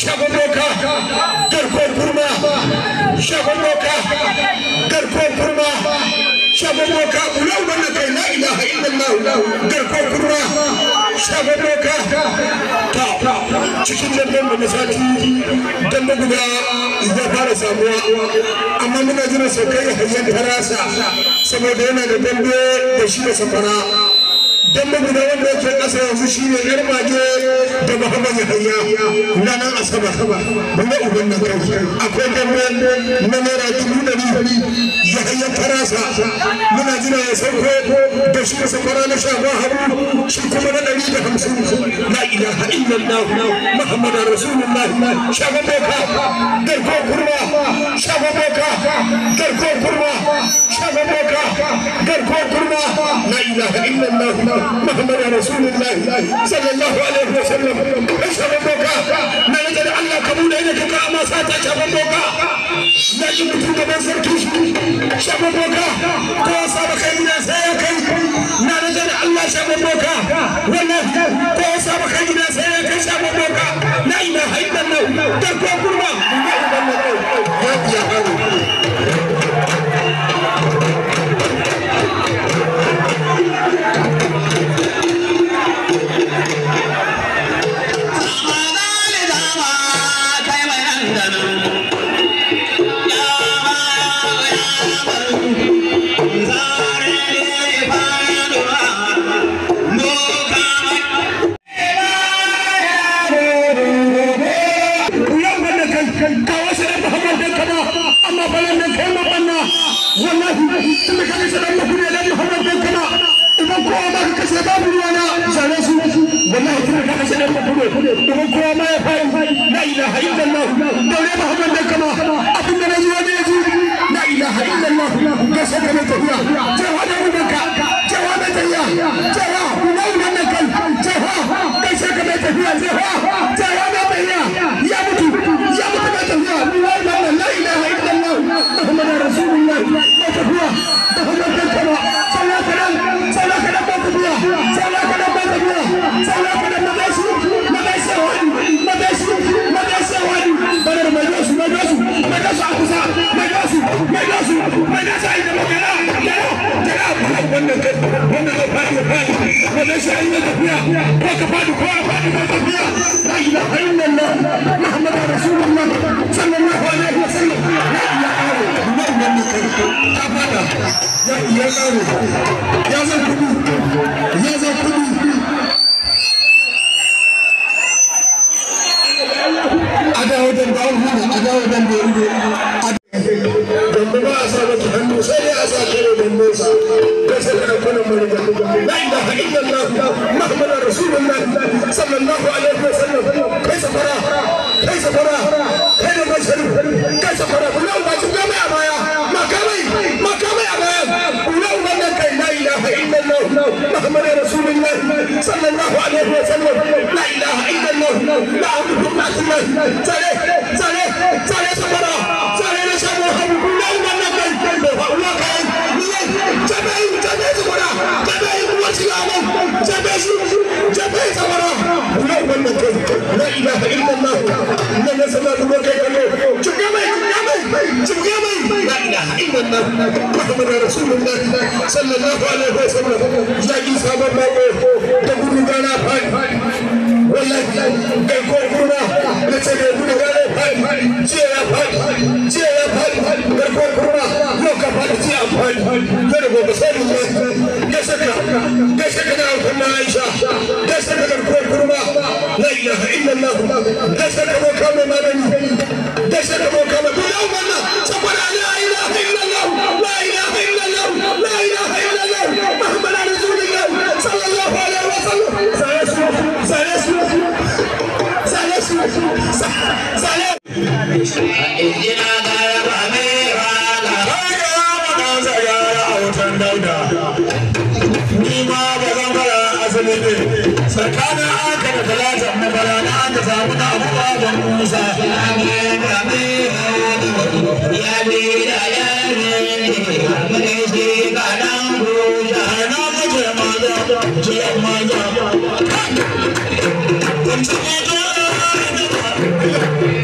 shagon doka garkon kurma shagon doka garkon kurma shagon doka ulau la ilaha illallah garkon kurma shagon ta cikin dandan da masati dan da guda ya fara samuwa amma muna jiran saukai hayyar tarasa saboda yana da dambe da shi da safara dan da wanda yake kasa yanzu shine yar mage da muhammad na nan asabar mun ga uban nan kai akwai dambe na naira dubu ɗari yahaya farasa muna jira ya sauko da shi kasa fara na sha ba haru shi kuma na ɗari da hamsin la ilaha illallah muhammad rasulullah shagon boka garko kurma shagon boka garko kurma شهدك قرقو قرما لا إله إلا الله محمد رسول الله صلى الله عليه وسلم شهدك لا يجد الله قبول إليك كما ساتا شهدك لا يمكن كما سرتوش شهدك كما سابق إلى سيكي لا يجد الله شهدك والله كما سابق إلى سيكي شهدك لا إله إلا الله قرقو 谁给的狗粮？Gracias. Muhammad Rasulullah sallallahu alaihi wasallam da gudu gana fai wallahi kai ko kuma da cewa gudu gana fai cewa fai cewa fai kai ko injina da raba a wutan dauda ni ma ba zan ne tsakanin aka da talata na aka samu na abubuwa musa ya bi da ne mai shi kanan buja na Thank you.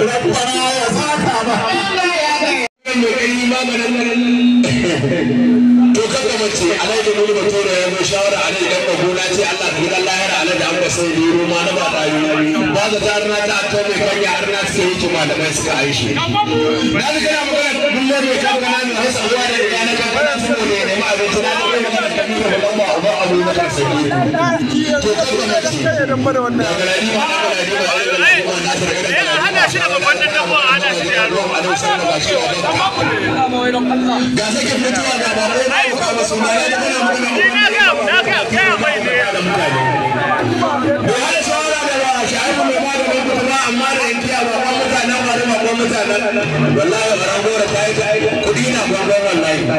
Rabbana to kada mace alai da mulba tura ya zo shawara alai dan ba gona ce Allah ka gidan lahira alai da amma sai da yiro na ba ta yi ba za ta arna ta ta mai kanya har na yi ki malamai suka aishi na ga magana bai mai kawo kana mai rasa uwa ya na kan kana sun ne ne ma abin tana da wani kan kan da kai da da bara wannan ma da gari ma da gari ma na sarka ma da kana magana ina ga na ga amma da intiya ba kwan mutanen bari ba kwan mutanen wallahi bara gora ta yi kudi na gwangwan wallahi ka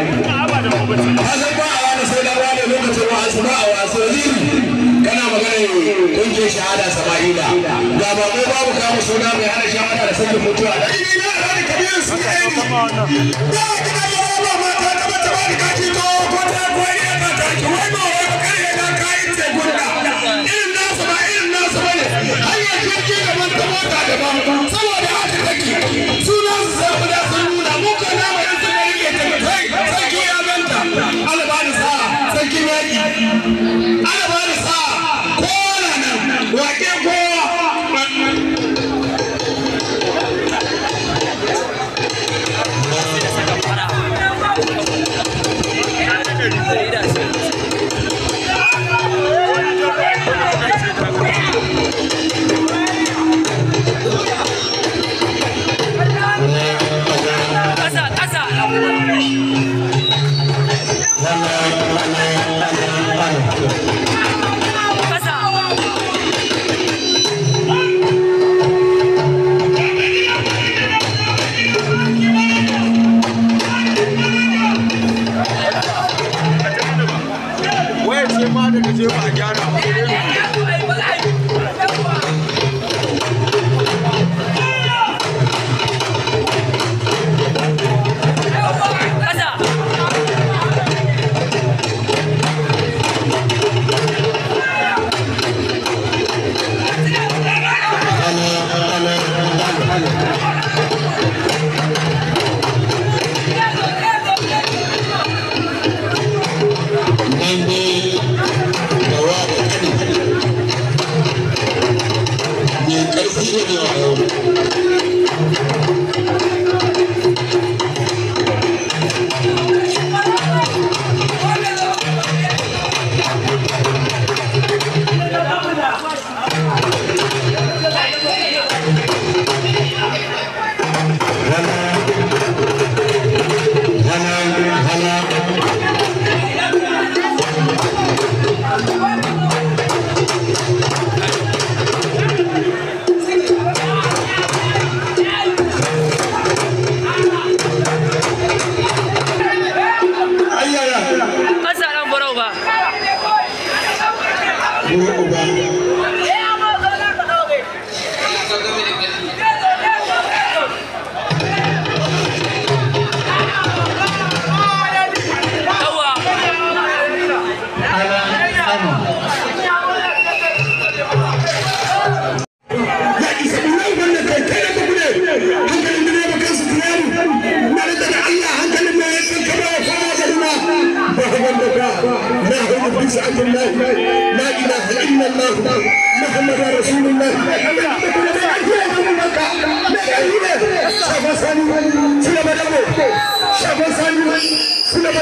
san ba a wani sai da wani lokacin wa asu ba a wasu ziri kana magana kungiyar shahada sama'ila ga ba ko babu kamu suna mai hana shahada da sanin mutuwa da ni na rani kabir su ne da kina yi ba ta taba taba da kaji ko ko ta goyi ya ba ta ki wai ba wai ba kare na kai ce gunda irin nasu ba irin nasu bane 这个接板家长。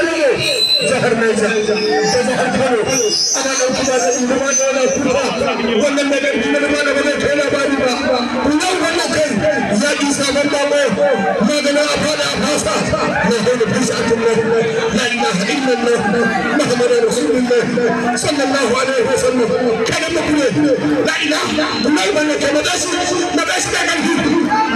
kano jihar Niger da jihar Kano ana ɗauki ba da ɗuma da wani kuma wannan da ɗan ɗuma da wani ba zai kai labari ba kullum wannan kai ya ƙi sabon bako maganin a fada a fasa na haini tun nan la ilaha illallah muhammadu rasulullah sallallahu alaihi wa sallam kada mu kule la ilaha kullum wannan kai madashi madashi da kan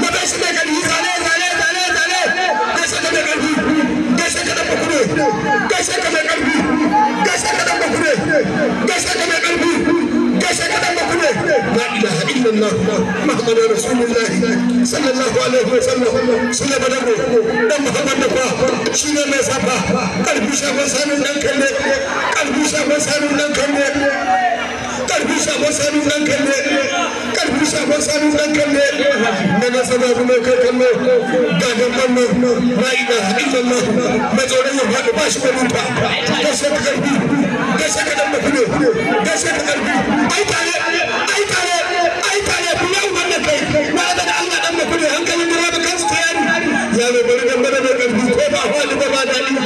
sabon sanu dan kalle kalbu sabon sanu dan kalle kalbu sabon sanu dan kalle kalbu sabon sanu dan kalle na sababu kai kalle gagan banno ra'ida illallah mazorin ya faɗi ba shi da nufa gashe ka kalbi gashe ka dan mafi ne ka kalbi ai tare ai tare ai tare biyan wannan kai wa'ada da Allah dan mafi ne hankalin da ba kansa tayari ya mai bari dan bada kalbi ko ba ba dali